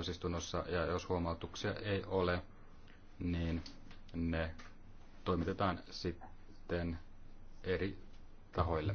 täysistunnossa ja jos huomautuksia ei ole, niin ne toimitetaan sitten eri tahoille.